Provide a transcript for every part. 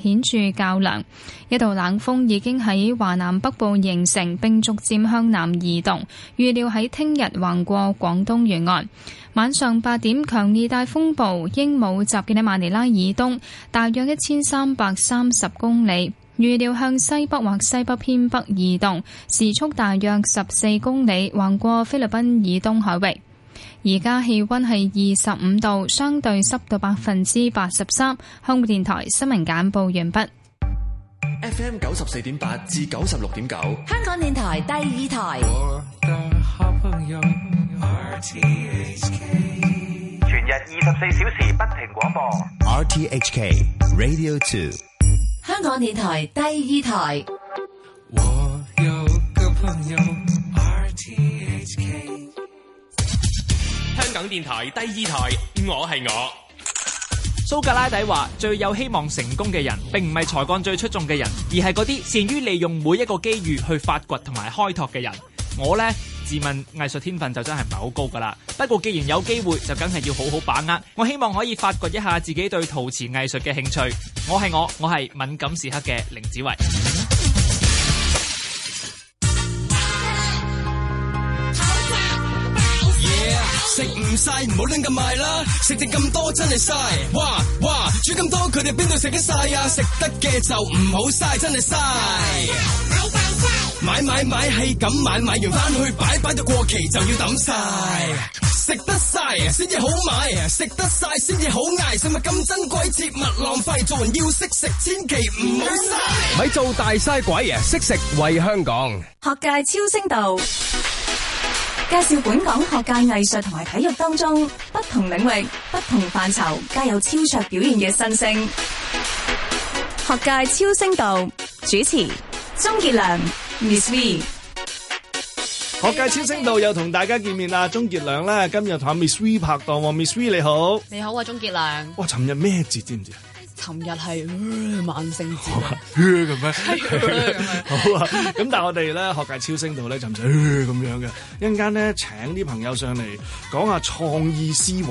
顯著較涼，一度冷鋒已經喺華南北部形成，並逐漸向南移動。預料喺聽日橫過廣東沿岸。晚上八點，強烈大風暴鸚鵡集結喺馬尼拉以東，大約一千三百三十公里。預料向西北或西北偏北移動，時速大約十四公里，橫過菲律賓以東海域。而家氣溫係二十五度，相對濕度百分之八十三。香港電台新聞簡報完畢。FM 九十四點八至九十六點九，K, 香港電台第二台。全日二十四小時不停廣播。RTHK Radio Two，香港電台第二台。我有個朋友。RTHK。港電台第二台。我係我。蘇格拉底話，最有希望成功嘅人，並唔係才幹最出眾嘅人，而係嗰啲善於利用每一個機遇，去發掘同埋開拓嘅人。我呢，自問藝術天分就真係唔係好高噶啦，不過既然有機會，就梗係要好好把握。我希望可以發掘一下自己對陶瓷藝術嘅興趣。我係我，我係敏感時刻嘅凌子維。食唔曬唔好亂咁買啦，食剩咁多真係嘥。哇哇，煮咁多佢哋邊度食得曬啊？食得嘅就唔好嘥，真係嘥。買買買，係咁買，買完翻去擺擺到過期就要抌曬。食得曬先至好買，食得曬先至好嗌。食物咁珍貴，切勿浪費，做人要識食，千祈唔好嘥。咪做大嘥鬼啊，識食為香港。學界超聲道。介紹本港學界藝術同埋體育當中不同領域、不同範疇皆有超卓表現嘅新星。學界超星道主持鍾傑良，Miss V。學界超星道又同大家見面啦，鍾傑良啦，今日同 Miss V 拍檔，Miss V 你好，你好啊，鍾傑良。哇，尋日咩節知唔知啊？琴日係、呃、萬聖節，咁啊，呃、樣 好啊！咁但係我哋咧學界超聲度咧就唔使咁樣嘅。呢一陣間咧請啲朋友上嚟講下創意思維，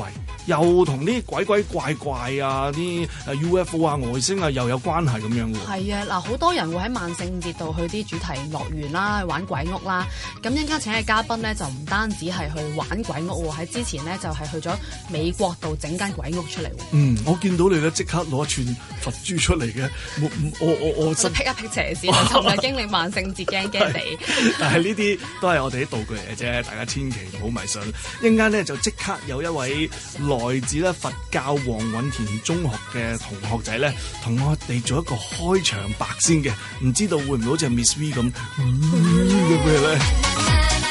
又同啲鬼鬼怪怪啊、啲啊 UFO 啊、外星啊又有關係咁樣嘅。係啊，嗱，好多人會喺萬聖節度去啲主題樂園啦，去玩鬼屋啦。咁一陣間請嘅嘉賓咧就唔單止係去玩鬼屋喎，喺之前咧就係、是、去咗美國度整間鬼屋出嚟。嗯，我見到你咧即刻攞.佛珠出嚟嘅，我我我我，我我我想劈一劈邪先同埋經歷萬聖節驚驚地。 但係呢啲都係我哋啲道具嚟嘅啫，大家千祈唔好迷信。一陣間咧就即刻有一位來自咧佛教黃允畋中學嘅同學仔咧，同我哋做一個開場白先嘅，唔知道會唔會好似 Miss V 咁嘅咩咧？嗯 .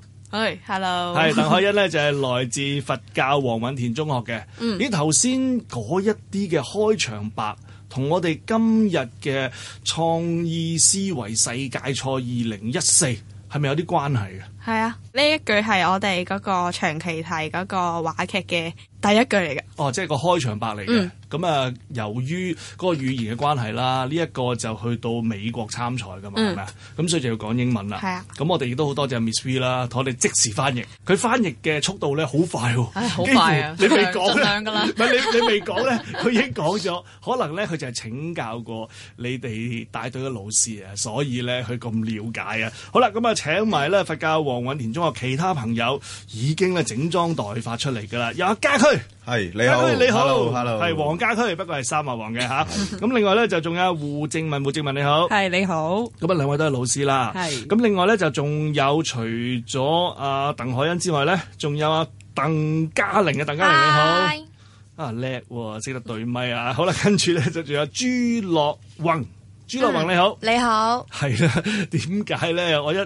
係 Hey，hello，係 鄧凱欣咧，就係、是、來自佛教黃允畋中學嘅。嗯、你頭先嗰一啲嘅開場白，同我哋今日嘅創意思維世界賽二零一四係咪有啲關係啊？係啊，呢一句係我哋嗰個長期題嗰個話劇嘅第一句嚟嘅。哦，即係個開場白嚟嘅。咁啊、嗯嗯，由於嗰個語言嘅關係啦，呢、這、一個就去到美國參賽噶嘛，係咪啊？咁所以就要講英文、啊、啦。係啊。咁我哋亦都好多謝 Ms V 啦，同我哋即時翻譯。佢翻譯嘅速度咧好快喎、啊，好快、啊、於想你未講咧，唔係 你你未講咧，佢已經講咗。可能咧佢就係請教過你哋帶隊嘅老師啊，所以咧佢咁了解啊。 好啦，咁啊請埋咧佛教。黃允畋中學其他朋友已經咧整裝待發出嚟噶啦，有家駒係？你好，你好，係 Hello, Hello. 王家駒，不過係三劃，王嘅吓。咁 另外咧就仲有胡靜雯，胡靜雯你好，係你好。咁啊兩位都係老師啦，係。咁另外咧就仲有除咗阿鄧凱欣之外咧，仲有阿，啊、鄧嘉玲嘅，鄧嘉玲你好，Hi. 啊叻，識，哦、得對咪，咪啊。好啦，跟住咧就仲有朱樂泓，朱樂泓，uh, 你好，你好，啊，係啦。點解咧？我一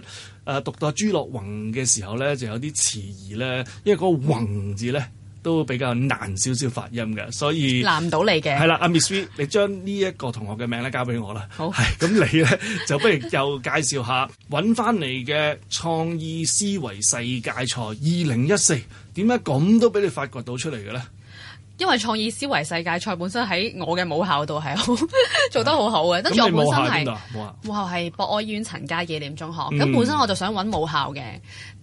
誒讀到朱樂泓嘅時候咧，就有啲遲疑咧，因為嗰個泓字咧都比較難少少發音嘅，所以難唔到你嘅。係啦的，阿 Miss V，你將呢一個同學嘅名咧交俾我啦。好，係，咁你咧就不如又介紹下揾翻嚟嘅創意思維世界賽二零一四，點解咁都俾你發掘到出嚟嘅咧？因為創意思維世界賽本身喺我嘅母校度係 做得好好嘅，咁、啊、我本身係校係校博愛醫院陳家紀念中學，咁、嗯、本身我就想揾母校嘅，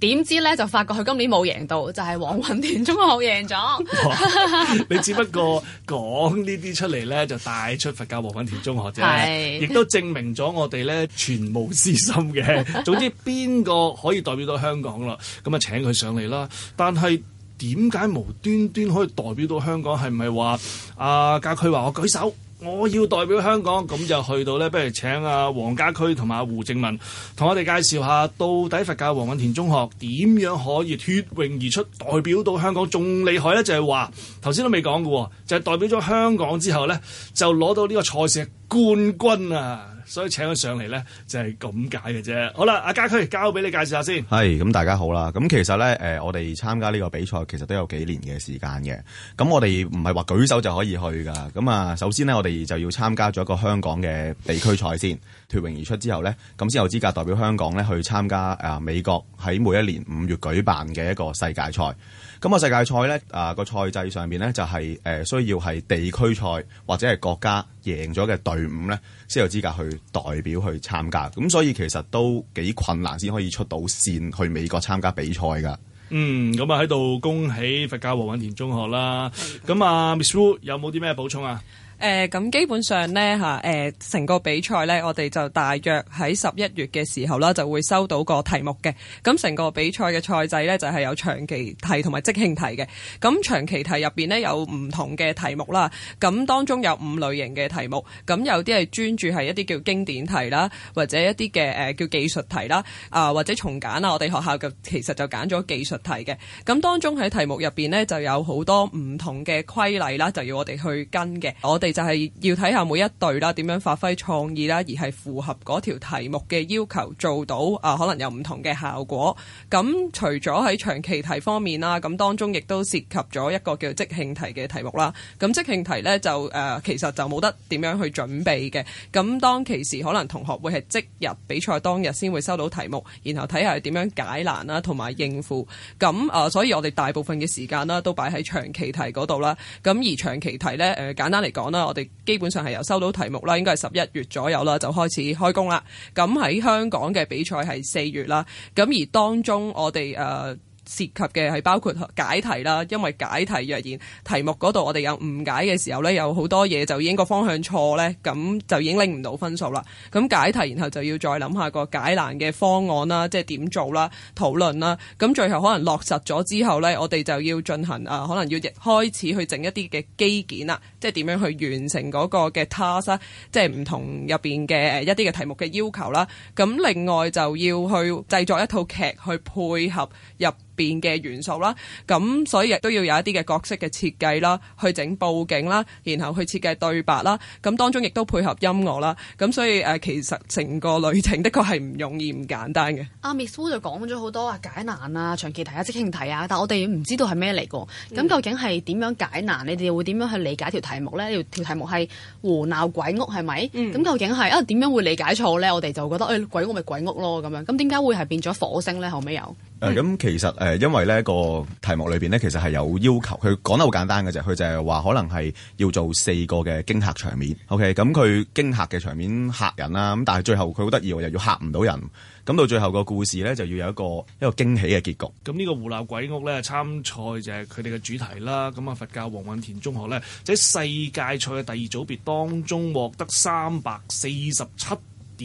點知咧就發覺佢今年冇贏到，就係、是、黃運田中學贏咗。 你只不過講呢啲出嚟咧，就帶出佛教黃允畋中學啫，亦是都證明咗我哋咧全無私心嘅。 總之邊個可以代表到香港啦，咁啊請佢上嚟啦，但係。點解無端端可以代表到香港？係唔係話阿家駒話我舉手，我要代表香港？咁就去到呢？不如請阿、啊、王家駒同埋阿胡靜雯同我哋介紹下，到底佛教黃允畋中學點樣可以脫穎而出，代表到香港？仲厲害呢？就係話頭先都未講嘅喎，就係代表咗香港之後呢，就攞到呢個賽事冠軍啊！所以請佢上嚟咧，就係咁解嘅啫。好啦，阿家駒交俾你介紹下先。係咁，大家好啦。咁其實咧，誒，我哋參加呢個比賽其實都有幾年嘅時間嘅。咁我哋唔係話舉手就可以去噶。咁啊，首先呢，我哋就要參加咗一個香港嘅地區賽先，脫穎而出之後咧，咁先有資格代表香港咧去參加啊美國喺每一年五月舉辦嘅一個世界賽。咁啊世界賽咧，啊個賽制上邊咧就係、是、誒、呃、需要係地區賽或者係國家贏咗嘅隊伍咧，先有資格去代表去參加。咁所以其實都幾困難先可以出到線去美國參加比賽噶。嗯，咁啊喺度恭喜佛教黃允畋中學啦。咁啊，Miss Wu 有冇啲咩補充啊？誒咁基本上呢，嚇，誒成個比賽呢，我哋就大約喺十一月嘅時候啦，就會收到個題目嘅。咁成個比賽嘅賽制呢，就係有長期題同埋即興題嘅。咁長期題入邊呢，有唔同嘅題目啦。咁當中有五類型嘅題目，咁有啲係專注係一啲叫經典題啦，或者一啲嘅誒叫技術題啦，啊或者重簡啊。我哋學校嘅其實就揀咗技術題嘅。咁當中喺題目入邊呢，就有好多唔同嘅規例啦，就要我哋去跟嘅。我哋就係要睇下每一隊啦，點樣發揮創意啦，而係符合嗰條題目嘅要求做到啊、呃，可能有唔同嘅效果。咁、嗯、除咗喺長期題方面啦，咁、嗯、當中亦都涉及咗一個叫即興題嘅題目啦。咁、嗯、即興題咧就誒、呃，其實就冇得點樣去準備嘅。咁、嗯、當其時可能同學會係即日比賽當日先會收到題目，然後睇下點樣解難啦，同埋應付。咁、嗯、啊、呃，所以我哋大部分嘅時間啦，都擺喺長期題嗰度啦。咁、嗯、而長期題咧，誒、呃，簡單嚟講。我哋基本上係由收到題目啦，應該係十一月左右啦，就開始開工啦。咁喺香港嘅比賽係四月啦。咁而當中我哋誒、呃涉及嘅係包括解題啦，因為解題，若然題目嗰度我哋有誤解嘅時候咧，有好多嘢就已經個方向錯咧，咁就已經拎唔到分數啦。咁解題，然後就要再諗下個解難嘅方案啦，即係點做啦，討論啦。咁最後可能落實咗之後咧，我哋就要進行啊，可能要開始去整一啲嘅基建啦，即係點樣去完成嗰個嘅 task，即係唔同入邊嘅一啲嘅題目嘅要求啦。咁另外就要去製作一套劇去配合入邊。嘅元素啦，咁所以亦都要有一啲嘅角色嘅設計啦，去整佈景啦，然後去設計對白啦，咁當中亦都配合音樂啦，咁所以誒、呃，其實成個旅程的確係唔容易唔簡單嘅。阿 Miss Wu 就講咗好多啊，多解難啊，長期題下、啊，即興題啊，但係我哋唔知道係咩嚟嘅，咁、嗯、究竟係點樣解難？你哋會點樣去理解條題目呢？條題目係胡鬧鬼屋係咪？咁、嗯、究竟係啊？點樣會理解錯咧？我哋就覺得誒，鬼屋咪鬼屋咯咁樣，咁點解會係變咗火星咧？後尾又誒，咁、嗯啊、其實。誒，因為呢個題目裏邊呢，其實係有要求，佢講得好簡單嘅啫，佢就係話可能係要做四個嘅驚嚇場面。OK，咁佢驚嚇嘅場面嚇人啦，咁但係最後佢好得意喎，又要嚇唔到人。咁到最後個故事呢，就要有一個一個驚喜嘅結局。咁呢個胡鬧鬼屋呢，參賽就係佢哋嘅主題啦。咁啊，佛教黃允畋中學呢，喺世界賽嘅第二組別當中獲得三百四十七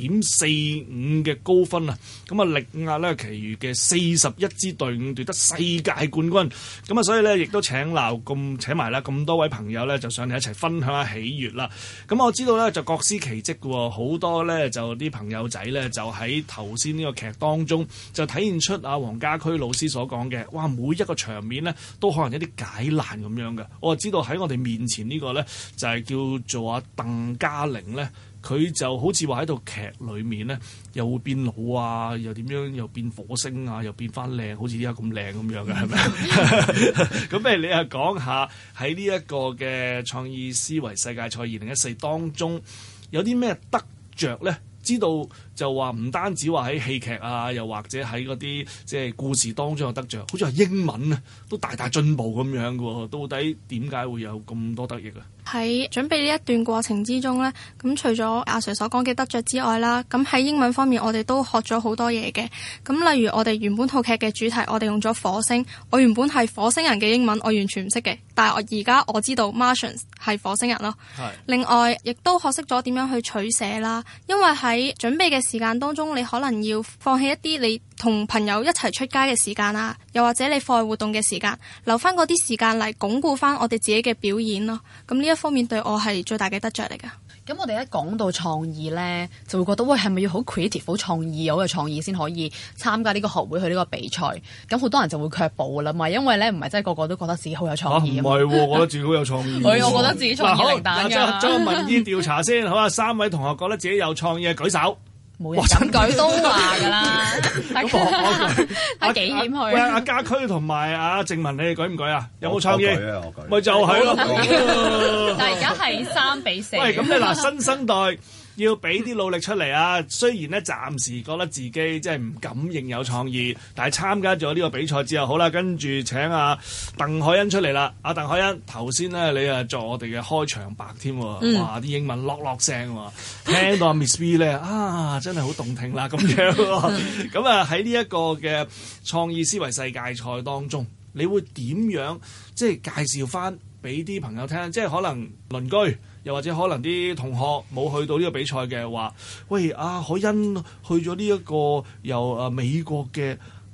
點四五嘅高分啊！咁啊，力壓咧，其餘嘅四十一支隊伍奪得世界冠軍。咁啊，所以咧，亦都請鬧咁請埋啦，咁多位朋友咧，就上嚟一齊分享下喜悅啦。咁、嗯、我知道咧，就各司其職嘅，好多咧，就啲朋友仔咧，就喺頭先呢個劇當中就體現出啊王家駒老師所講嘅，哇！每一個場面呢，都可能有一啲解難咁樣嘅。我知道喺我哋面前個呢個咧，就係、是、叫做啊鄧嘉玲咧。佢就好似話喺套劇裏面咧，又會變老啊，又點樣，又變火星啊，又變翻靚，好似依家咁靚咁樣嘅，係咪？咁不如， 你又講下喺呢一個嘅創意思維世界賽二零一四當中，有啲咩得着咧？知道？就話唔單止話喺戲劇啊，又或者喺嗰啲即係故事當中有得着，好似係英文啊，都大大進步咁樣嘅喎。到底點解會有咁多得益啊？喺準備呢一段過程之中呢，咁除咗阿 Sir 所講嘅得着之外啦，咁喺英文方面我哋都學咗好多嘢嘅。咁例如我哋原本套劇嘅主題，我哋用咗火星，我原本係火星人嘅英文我完全唔識嘅，但係我而家我知道 Martians 係火星人咯。係另外，亦都學識咗點樣去取捨啦，因為喺準備嘅時間當中，你可能要放棄一啲你同朋友一齊出街嘅時間啦，又或者你課外活動嘅時間，留翻嗰啲時間嚟鞏固翻我哋自己嘅表演咯。咁呢一方面對我係最大嘅得着嚟噶咁我哋一講到創意咧，就會覺得喂，係咪要好 creative 好創意好有創意先可以參加呢個學會去呢個比賽？咁好多人就會卻步噶啦嘛，因為咧唔係真係個個都覺得自己好有創意啊？唔係、啊，我覺得自己好有創意。佢 我覺得自己創意零蛋噶。好，做民意調查先， 好啊！三位同學覺得自己有創意嘅舉手。冇人舉都話㗎啦，喺幾點去？阿、啊、家駒同埋阿靜雯，你哋舉唔舉啊？有冇創意啊？我舉，咪就係咯。 但係而家係三比四。喂、嗯，咁你嗱新生代。 要俾啲努力出嚟啊！雖然咧暫時覺得自己即係唔敢認有創意，但係參加咗呢個比賽之後，好啦，跟住請阿、啊、鄧凱欣出嚟啦！阿、啊、鄧凱欣頭先咧，你啊，做我哋嘅開場白添喎，哇！啲、嗯、英文落落聲喎，聽到阿 Miss V 咧啊，真係好動聽啦咁樣。咁啊喺呢一個嘅創意思維世界賽當中，你會點樣即係介紹返俾啲朋友聽？即係可能鄰居。又或者可能啲同學冇去到呢個比賽嘅話，喂啊，凱欣去咗呢一個由啊美國嘅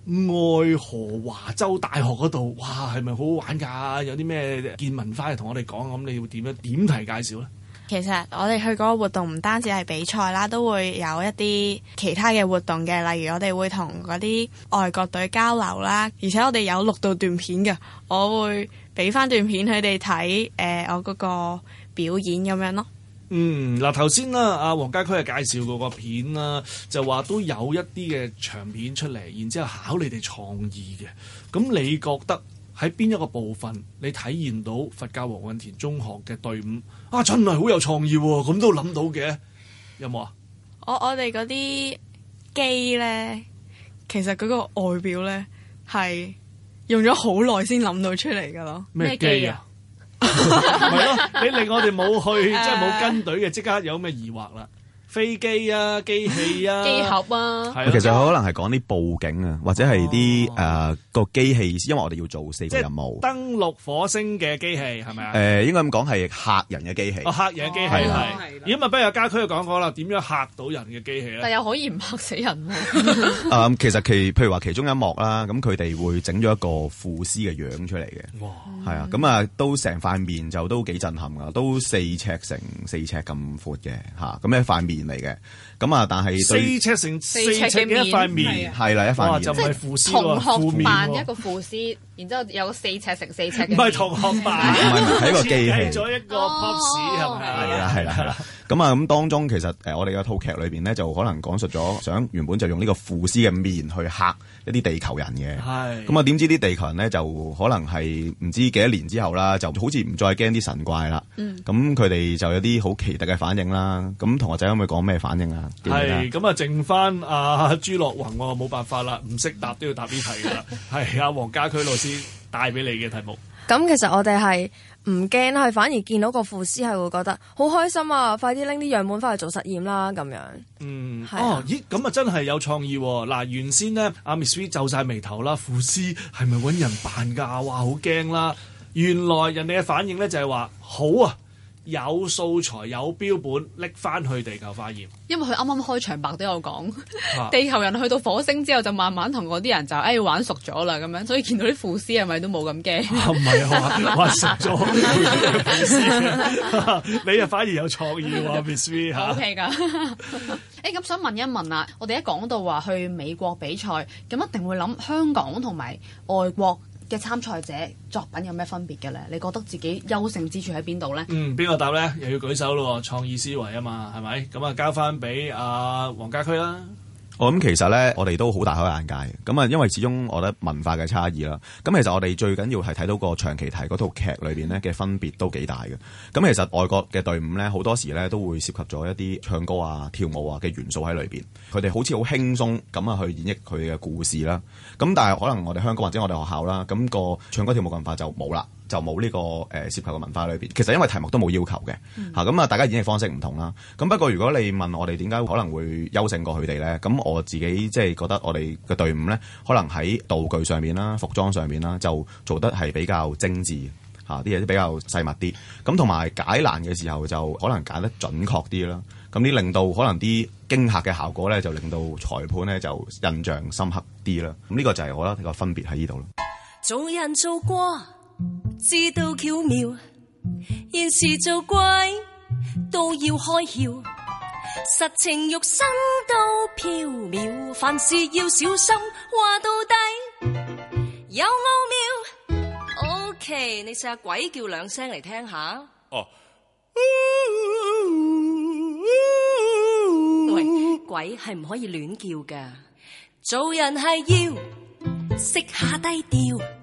愛荷華州大學嗰度，哇，係咪好好玩㗎？有啲咩見聞返嚟同我哋講咁，你要點樣點嚟介紹咧？其實我哋去嗰個活動唔單止係比賽啦，都會有一啲其他嘅活動嘅，例如我哋會同嗰啲外國隊交流啦，而且我哋有錄到段片嘅，我會俾翻段片佢哋睇。誒、呃，我嗰、嗰個。表演咁樣咯，嗯，嗱、啊，頭先啦，阿王家駒係介紹嗰個片啦、啊，就話都有一啲嘅長片出嚟，然之後考你哋創意嘅，咁你覺得喺邊一個部分你體驗到佛教黃允畋中學嘅隊伍啊，真係好有創意喎、啊，咁都諗到嘅，有冇啊？我我哋嗰啲機咧，其實佢個外表咧係用咗好耐先諗到出嚟噶咯，咩機啊？係咯，你令我哋冇去，即係冇跟隊嘅，即刻有咩疑惑啦。飛機啊，機器啊，機盒 啊，對其實可能係講啲佈景啊，或者係啲誒個機器，因為噢、呃、我哋要做四個任務，登陸火星嘅機器係咪啊？誒、呃，應該咁講係嚇人嘅機器，嚇人嘅機器係啦。咁啊、哦，是不，不如家駒又講講啦，點樣嚇到人嘅機器咧？但又可以唔嚇死人啊？ 其實其譬如話其中一幕啦，咁佢哋會整咗一個腐屍嘅樣出嚟嘅，係啊哇，咁啊都成塊面就都幾震撼噶，都四尺成四尺咁闊嘅吓，咁一塊面。嚟嘅，咁啊，但係四尺成四尺嘅面，係啦一塊面，的哇，就係同學扮一個腐屍。然之後有四尺乘四尺，唔係同學扮，係 一個機器，製咗一個腐屍，係咪？係啦，係啦，咁啊咁當中其實誒、呃、我哋嘅套劇裏邊咧，就可能講述咗想原本就用呢個腐屍嘅面去嚇一啲地球人嘅，係咁啊，點知啲地球人咧就可能係唔知幾多年之後啦，就好似唔再驚啲神怪啦，咁佢哋就有啲好奇特嘅反應啦。咁同學仔可唔可以講咩反應啊？係咁啊，剩翻阿朱樂泓我、啊、冇辦法啦，唔識答都要答啲題㗎啦。係啊， 王家駒老先帶俾你嘅題目。咁其實我哋係唔驚，係反而見到個副師係會覺得好開心啊！快啲拎啲樣本翻去做實驗啦，咁樣。嗯。啊、哦，咦？咁啊真係有創意喎！嗱，原先咧，阿 Miss V、e、皺晒眉頭啦，副師係咪揾人扮㗎、啊？哇，好驚啦！原來人哋嘅反應咧就係、是、話好啊。有素材，有標本，拎翻去地球化驗。因為佢啱啱開場白都有講，啊、地球人去到火星之後就慢慢同嗰啲人就誒、哎、玩熟咗啦，咁樣，所以見到啲腐屍係咪都冇咁驚？唔係、啊，我玩熟咗你又反而有創意啊？Ms V 哈，O. K. 噶。誒、 欸，咁想問一問啦，我哋一講到話去美國比賽，咁一定會諗香港同埋外國。嘅參賽者作品有咩分別嘅咧？你覺得自己優勝之處喺邊度咧？嗯，邊個答咧？又要舉手咯，創意思維啊嘛，係咪？咁啊，交翻俾阿王家駒啦。我諗其實咧，我哋都好大開眼界咁啊，因為始終我覺得文化嘅差異啦。咁其實我哋最緊要係睇到個長期題嗰套劇裏邊咧嘅分別都幾大嘅。咁其實外國嘅隊伍咧，好多時咧都會涉及咗一啲唱歌啊、跳舞啊嘅元素喺裏邊。佢哋好似好輕鬆咁啊，去演繹佢嘅故事啦。咁但係可能我哋香港或者我哋學校啦，咁個唱歌跳舞文化就冇啦。就冇呢、這個誒、呃、涉及嘅文化裏邊，其實因為題目都冇要求嘅嚇，咁、嗯、啊大家演繹方式唔同啦。咁不過如果你問我哋點解可能會優勝過佢哋咧？咁我自己即係覺得我哋嘅隊伍咧，可能喺道具上面啦、啊、服裝上面啦、啊，就做得係比較精緻嚇，啲嘢都比較細密啲。咁同埋解難嘅時候就可能解得準確啲啦。咁啲令到可能啲驚嚇嘅效果咧，就令到裁判咧就印象深刻啲啦。咁呢個就係我覺得個分別喺呢度咯。總人做過知道巧妙，現時做鬼都要開竅，實情肉身都飄渺，凡事要小心，話到底有奧妙。OK，你試下鬼叫兩聲嚟聽下。哦，喂，鬼係唔可以亂叫噶，做人係要識下低調。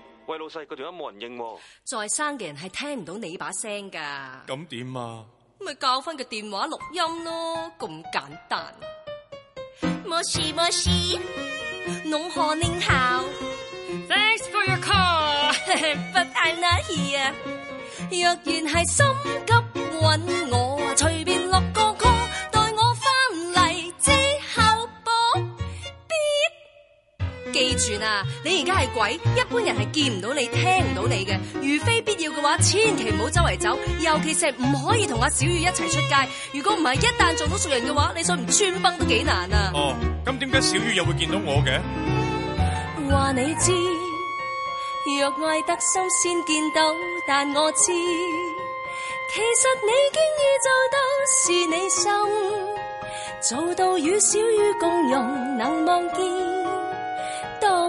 喂，老細個電話冇人應喎，再生嘅人係聽唔到你把聲噶，咁點啊？咪教翻個電話錄音咯，咁簡單。もしもし，儂好儂好，Thanks for your call，but I'm not here 啊。若然係心急揾我，隨便。算啦，你而家係鬼，一般人係見唔到你，聽唔到你嘅，如非必要嘅話，千祈唔好周圍走，尤其是係唔可以同阿小雨一齊出街。如果唔係，一旦撞到熟人嘅話，你想唔穿崩都幾難啊！哦，咁點解小雨又會見到我嘅？話你知，若愛得深先見到，但我知其實你經意做都是你心做到與小雨共融，能望見。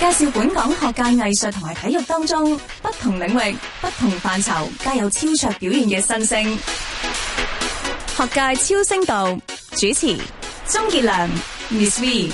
介紹本港學界藝術同埋體育當中，不同領域，不同範疇，皆有超卓表現嘅新星。學界超星道，主持，鍾傑良，Ms V。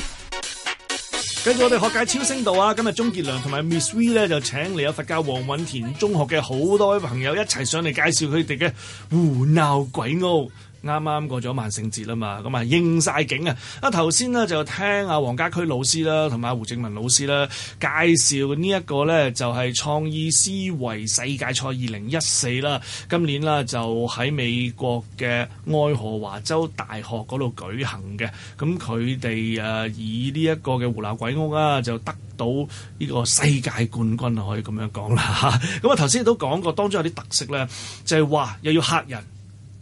啱啱過咗萬聖節啦嘛，咁啊應晒景啊！啊頭先呢，就聽阿黃家驅老師啦，同埋胡靜雯老師咧介紹呢一個咧就係、是、創意思維世界賽二零一四啦，今年啦就喺美國嘅愛荷華州大學嗰度舉行嘅。咁佢哋誒以呢一個嘅胡鬧鬼屋啊，就得到呢個世界冠軍可以咁樣講啦嚇。咁 啊頭先都講過，當中有啲特色咧，就係、是、話又要嚇人。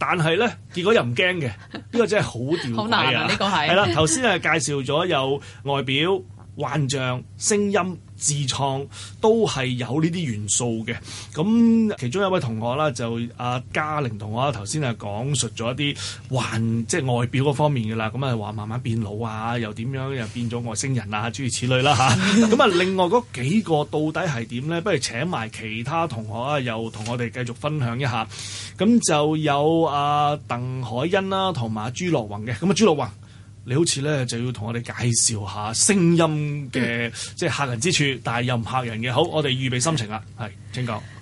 但係咧，結果又唔驚嘅，呢 個真係好調皮啊！呢個係，係啦，頭先係介紹咗有外表。幻象、聲音、自創都係有呢啲元素嘅。咁其中有位同學啦，就阿嘉、啊、玲同學啊，頭先係講述咗一啲幻，即係外表嗰方面嘅啦。咁啊話慢慢變老啊，又點樣又變咗外星人啊，諸如此類啦嚇。咁啊， 另外嗰幾個到底係點咧？不如請埋其他同學啊，又同我哋繼續分享一下。咁就有阿鄧海欣啦、啊，同埋朱樂泓嘅。咁啊，朱樂泓，泓。你好似呢就要同我哋介紹下聲音嘅、嗯、即係吓人之處，但係又唔吓人嘅。好，我哋預備心情啦，係。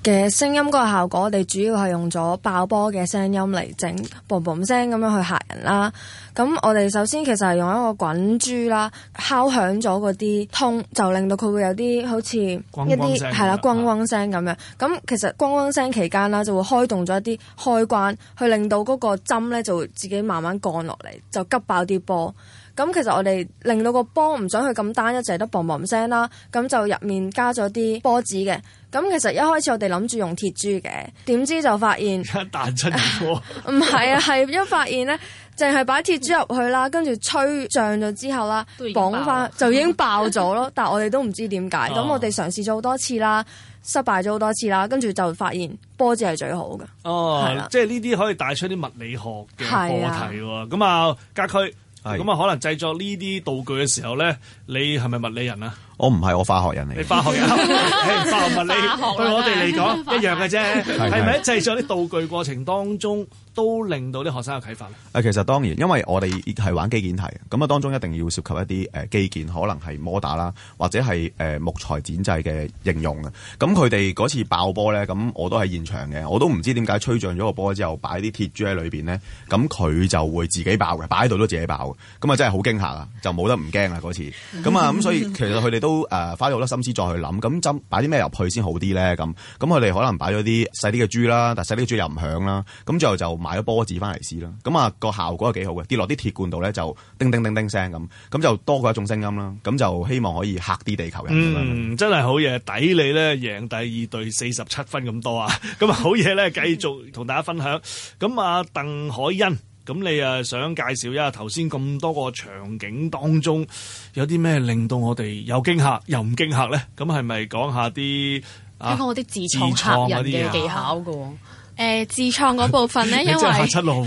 嘅聲音嗰個效果，我哋主要係用咗爆波嘅聲音嚟整，嘣嘣聲咁樣去嚇人啦。咁我哋首先其實係用一個滾珠啦，敲響咗嗰啲通，就令到佢會有啲好似一啲係啦，轟轟聲咁樣。咁其實轟轟聲期間啦，就會開動咗一啲開關，去令到嗰個針咧就會自己慢慢降落嚟，就急爆啲波。咁其實我哋令到個波唔想去咁單一，就係得嘣嘣聲啦。咁就入面加咗啲波子嘅。咁其實一開始我哋諗住用鐵珠嘅，點知就發現彈出嚟波。唔係、呃、啊，係一發現咧，淨係擺鐵珠入去啦，跟住吹漲咗之後啦，綁翻就已經爆咗咯。 但係我哋都唔知點解。咁、啊、我哋嘗試咗好多次啦，失敗咗好多次啦，跟住就發現波子係最好嘅。哦、啊，啊、即係呢啲可以帶出啲物理學嘅課題喎。咁啊，隔區。咁啊，可能製作呢啲道具嘅時候咧，你係咪物理人啊？我唔係我化學人嚟，你化學人， 化學物理對你我哋嚟講一樣嘅啫，係咪？製作啲道具過程當中，都令到啲學生有啟發咧。誒，其實當然，因為我哋係玩機件題，咁啊，當中一定要涉及一啲誒機件，可能係摩打啦，或者係誒木材剪製嘅應用啊。咁佢哋嗰次爆波咧，咁我都喺現場嘅，我都唔知點解吹脹咗個波之後，擺啲鐵珠喺裏邊咧，咁佢就會自己爆嘅，擺喺度都自己爆嘅。咁啊，真係好驚嚇啊！就冇得唔驚啊嗰次。咁啊，咁所以其實佢哋都。都誒花咗好多心思再去諗，咁就擺啲咩入去先好啲咧？咁咁佢哋可能擺咗啲細啲嘅豬啦，但細啲嘅豬又唔響啦。咁最後就買咗波子翻嚟試啦。咁啊，個效果又幾好嘅，跌落啲鐵罐度咧就叮叮叮叮聲咁，咁就多過一種聲音啦。咁就希望可以嚇啲地球人啦。嗯，真係好嘢，抵你咧，贏第二隊四十七分咁多啊！咁啊好嘢咧，繼續同大家分享。咁啊，鄧凱欣。咁你啊，想介紹一下頭先咁多個場景當中有啲咩令到我哋有驚嚇又唔驚嚇咧？咁係咪講下啲講我啲自創人啲技巧嘅？誒、啊呃、自創嗰部分咧，因為出咯，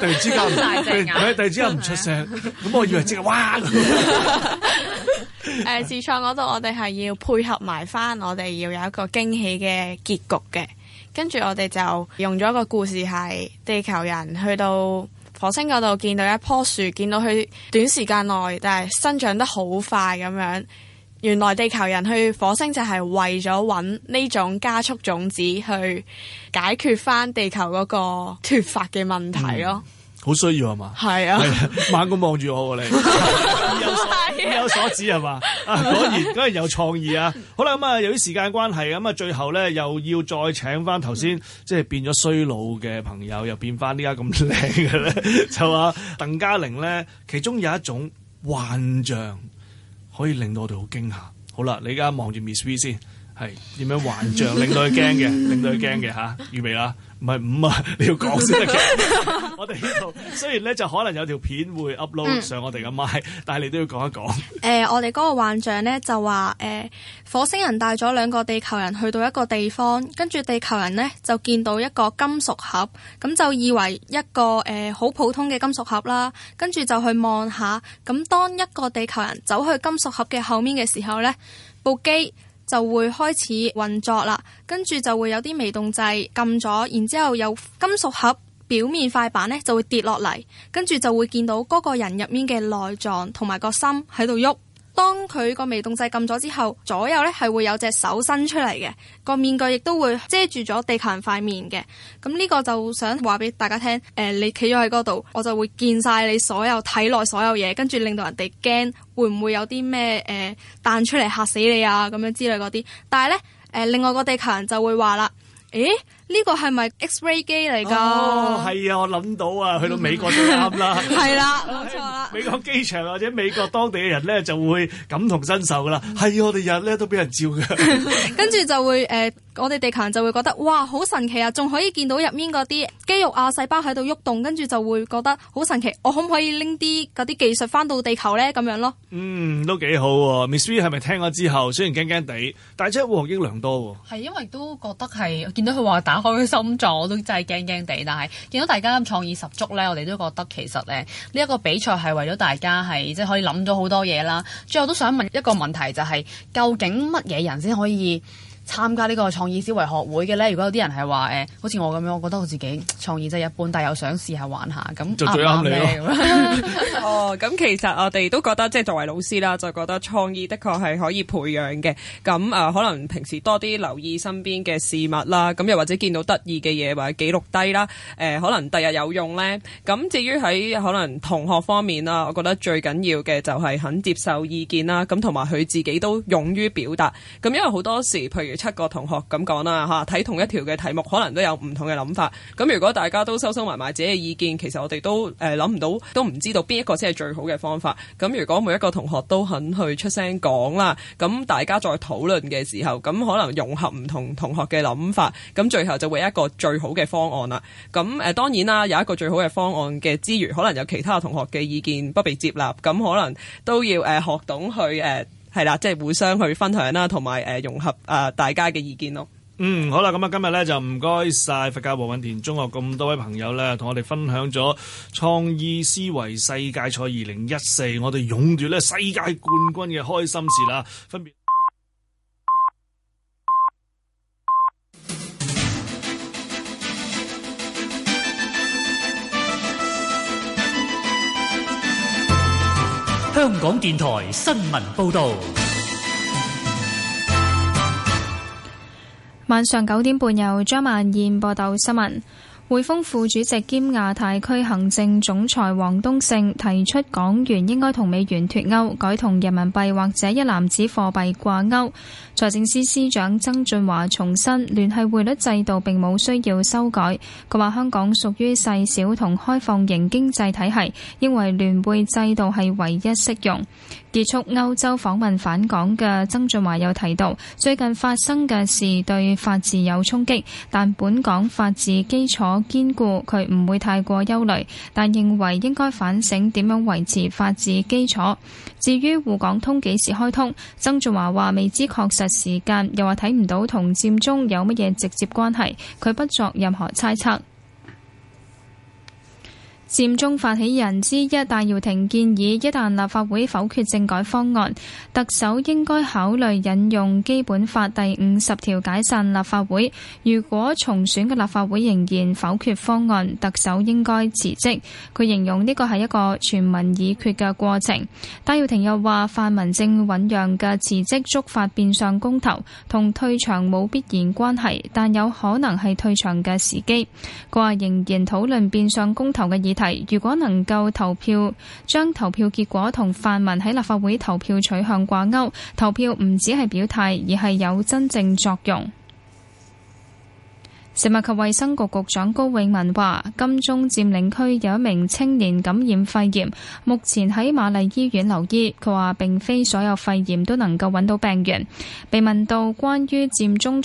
突然之間唔出聲，咁我以為即係哇！誒 呃、自創嗰度，我哋係要配合埋翻，我哋要有一個驚喜嘅結局嘅。跟住我哋就用咗一個故事，係地球人去到火星嗰度，見到一棵樹，見到佢短時間內但係生長得好快咁樣。原來地球人去火星就係為咗揾呢種加速種子去解決翻地球嗰個脫髮嘅問題咯。嗯，好需要係嘛？係啊，猛咁望住我你。 意有所指係嘛，啊？果然果然 有創意啊！好啦，咁啊由於時間關係，咁啊最後咧又要再請翻頭先，即係變咗衰老嘅朋友，又變翻 呢家咁靚嘅咧，就話鄧嘉玲咧，其中有一種幻象可以令到我哋好驚嚇。好啦，你而家望住 Miss V 先，係點樣幻象 令到佢驚嘅，令到佢驚嘅吓，預、啊、備啦。唔係五啊，你要講先得。嘅。 我哋呢度雖然咧就可能有條片會 upload 上,上我哋嘅咪但係你都要講一講。誒，我哋嗰個幻象咧就話誒、呃、火星人帶咗兩個地球人去到一個地方，跟住地球人咧就見到一個金屬盒，咁就以為一個誒好、呃、普通嘅金屬盒啦。跟住就去望下，咁當一個地球人走去金屬盒嘅後面嘅時候咧，部機。就會開始運作啦，跟住就會有啲微動掣撳咗，然之後有金屬盒表面塊板呢就會跌落嚟，跟住就會見到嗰個人入面嘅內臟同埋個心喺度喐。當佢個微動掣撳咗之後，左右呢係會有隻手伸出嚟嘅，個面具亦都會遮住咗地球人塊面嘅。咁、這、呢個就想話俾大家聽，誒、呃，你企咗喺嗰度，我就會見晒你所有體內所有嘢，跟住令到人哋驚，會唔會有啲咩誒彈出嚟嚇死你啊，咁樣之類嗰啲。但係呢，誒、呃，另外個地球人就會話啦，誒。呢個係咪 X-ray 機嚟㗎？係、哦、啊，我諗到啊，去到美國都啱啦。係啦、嗯，冇、 啊、錯啦、啊。美國機場或者美國當地嘅人咧，就會感同身受啦。係、嗯啊、我哋日咧都俾人照㗎。 跟住就會誒、呃，我哋地球人就會覺得哇，好神奇啊！仲可以見到入面嗰啲肌肉啊、細胞喺度喐動，跟住就會覺得好神奇。我可唔可以拎啲嗰啲技術返到地球咧？咁樣咯。嗯，都幾好喎、啊。Miss V 係咪聽咗之後，雖然驚驚地，但係獲益良多喎、啊。係因為都覺得係見到佢話打。開心咗，我都真係驚驚地。但係見到大家咁創意十足呢，我哋都覺得其實咧呢一個比賽係為咗大家係即係可以諗咗好多嘢啦。最後都想問一個問題，就是，就係究竟乜嘢人先可以參加呢個創意思維學會嘅咧，如果有啲人係話誒，好似我咁樣，我覺得我自己創意即係一般，但係又想試下玩下，咁就、啊、最啱你咯。 哦，咁其實我哋都覺得即係作為老師啦，就覺得創意的確係可以培養嘅。咁誒、呃，可能平時多啲留意身邊嘅事物啦，咁又或者見到得意嘅嘢或者記錄低啦，誒、呃，可能第日有用咧。咁至於喺可能同學方面啦，我覺得最緊要嘅就係肯接受意見啦，咁同埋佢自己都勇於表達。咁因為好多時譬如～七個同學咁講啦嚇，睇同一條嘅題目，可能都有唔同嘅諗法。咁如果大家都收收埋埋自己嘅意見，其實我哋都誒諗唔到，都唔知道邊一個先係最好嘅方法。咁如果每一個同學都肯去出聲講啦，咁大家再討論嘅時候，咁可能融合唔同同學嘅諗法，咁最後就會一個最好嘅方案啦。咁誒當然啦，有一個最好嘅方案嘅之餘，可能有其他同學嘅意見不被接納，咁可能都要誒學懂去誒。呃係啦，即係互相去分享啦，同埋誒融合啊、呃、大家嘅意見咯。嗯，好啦，咁啊今日咧就唔該晒佛教黃允畋中學咁多位朋友啦，同我哋分享咗創意思維世界賽二零一四，我哋勇奪咧世界冠軍嘅開心事啦，分別。香港電台新聞報導，晚上九點半由張曼燕播報新聞。匯豐副主席兼亞太區行政總裁王東勝提出，港元應該同美元脫鈎，改同人民幣或者一籃子貨幣掛鈎。財政司司長曾俊華重申，聯繫匯率制度並冇需要修改。佢話香港屬於細小同開放型經濟體系，因為聯匯制度係唯一適用。結束歐洲訪問返港嘅曾俊華有提到，最近發生嘅事對法治有衝擊，但本港法治基礎堅固，佢唔會太過憂慮，但認為應該反省點樣維持法治基礎。至於滬港通幾時開通，曾俊華話未知確實時間，又話睇唔到同佔中有乜嘢直接關係，佢不作任何猜測。佔中發起人之一，戴耀廷建議一旦立法會否決政改方案，特首應該考慮引用基本法第五十條解散立法會。如果重選的立法會仍然否決方案，特首應該辭職，佢形容呢個係一個全民已決的過程。戴耀廷又話泛民正醞釀的辭職觸發變相公投，同退場沒有必然關係，但有可能是退場的時機。佢話仍然討論變相公投嘅意義。提如果能夠投票，將投票結果同泛民喺立法會投票取向掛鈎，投票唔只係表態，而係有真正作用。食物及衛生局局長高永文話：金鐘佔領區有一名青年感染肺炎，目前喺瑪麗醫院留醫。佢話：並非所有肺炎都能夠揾到病源。被問到關於佔中。